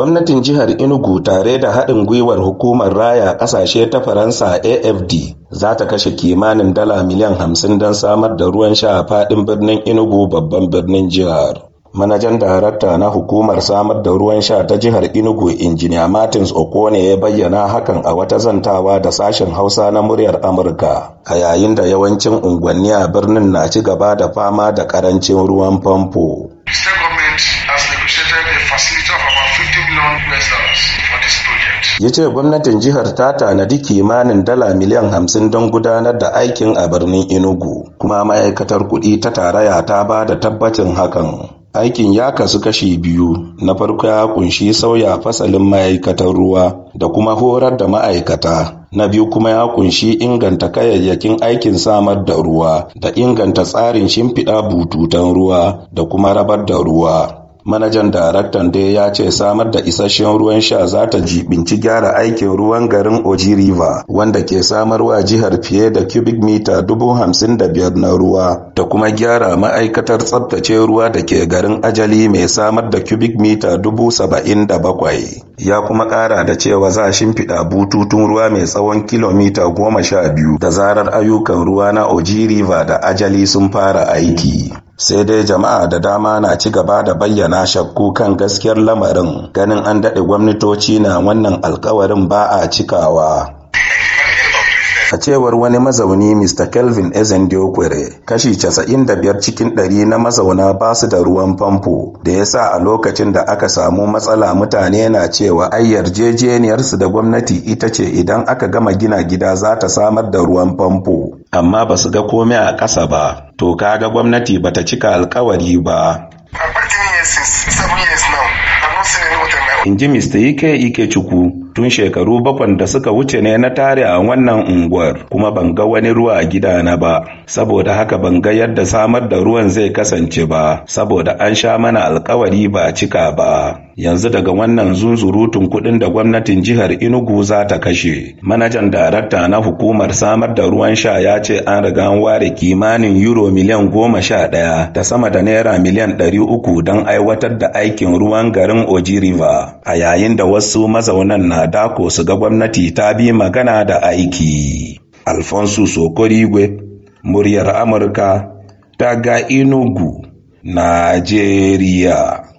Gwamnatin jihar Inugu tare da haɗin gwiwar hukumar raya ƙasashe ta Faransa AFD za ta kashe kimanin dala miliyan hamsin don samar da ruwan sha a faɗin birnin Inugu babban birnin jihar. manajan darakta na hukumar samar da ruwan sha ta jihar inugu injiniya martins okone ya bayyana hakan a wata zantawa da sashen hausa na muryar amurka a yayin da yawancin unguwanni a birnin na ci gaba da fama da ƙarancin ruwan famfo negotiated Ya ce gwamnatin jihar ta tanadi kimanin dala miliyan hamsin don gudanar da aikin a birnin inugu, kuma ma'aikatar kuɗi ta taraya ta ba da tabbacin hakan. aikin ya kasu kashi biyu na farko ya kunshi sauya fasalin ma'aikatan ruwa da kuma horar da ma'aikata na biyu kuma ya kunshi inganta kayayyakin aikin samar da ruwa da inganta tsarin shimfiɗa bututan ruwa da kuma rabar da ruwa Manajan daraktan dai ya ce samar da isasshen ruwan sha za ta jibinci gyara aikin ruwan garin Oji River wanda ke samarwa jihar fiye da cubic mita dubu hamsin da biyar na ruwa da kuma gyara ma'aikatar tsabtace ruwa da ke garin Ajali mai samar da cubic mita dubu saba'in da bakwai. Ya kuma ƙara da cewa za a shimfiɗa bututun ruwa mai tsawon kilomita goma sha biyu da zarar ayyukan ruwa na Oji River da Ajali sun fara aiki. sai dai jama'a da dama na ci gaba da bayyana shakku kan gaskiyar lamarin ganin an daɗe gwamnatoci na wannan alkawarin ba a cikawa A cewar wani mazauni Mr. Kelvin Diokwere, kashi 95 cikin 100 na mazauna ba su da ruwan famfo da ya sa a lokacin da aka samu matsala mutane na cewa ai yarjejeniyarsu da gwamnati ita ce idan aka gama gina gida za ta samar da ruwan famfo. Amma ba su ga komai a ƙasa ba, to kaga gwamnati ba ta cika alkawari ba. In ji Mr. Ike Ike cuku. tun shekaru bakwan da suka wuce ne na tare a wannan unguwar kuma ban ga wani ruwa a gidana ba saboda haka ban ga yadda samar da ruwan zai kasance ba saboda an sha mana alkawari ba cika ba yanzu daga wannan zunzurutun kuɗin da gwamnatin jihar Enugu za ta kashe manajan darakta na hukumar samar da ruwan sha ya ce an riga an ware kimanin euro miliyan goma sha ɗaya ta sama da naira miliyan ɗari uku don aiwatar da aikin ruwan garin oji river a yayin da wasu mazaunan na dako su ga gwamnati ta bi magana da aiki. alfonsu Sokorigwe, muryar Amurka, ta ga Inugu, Najeriya.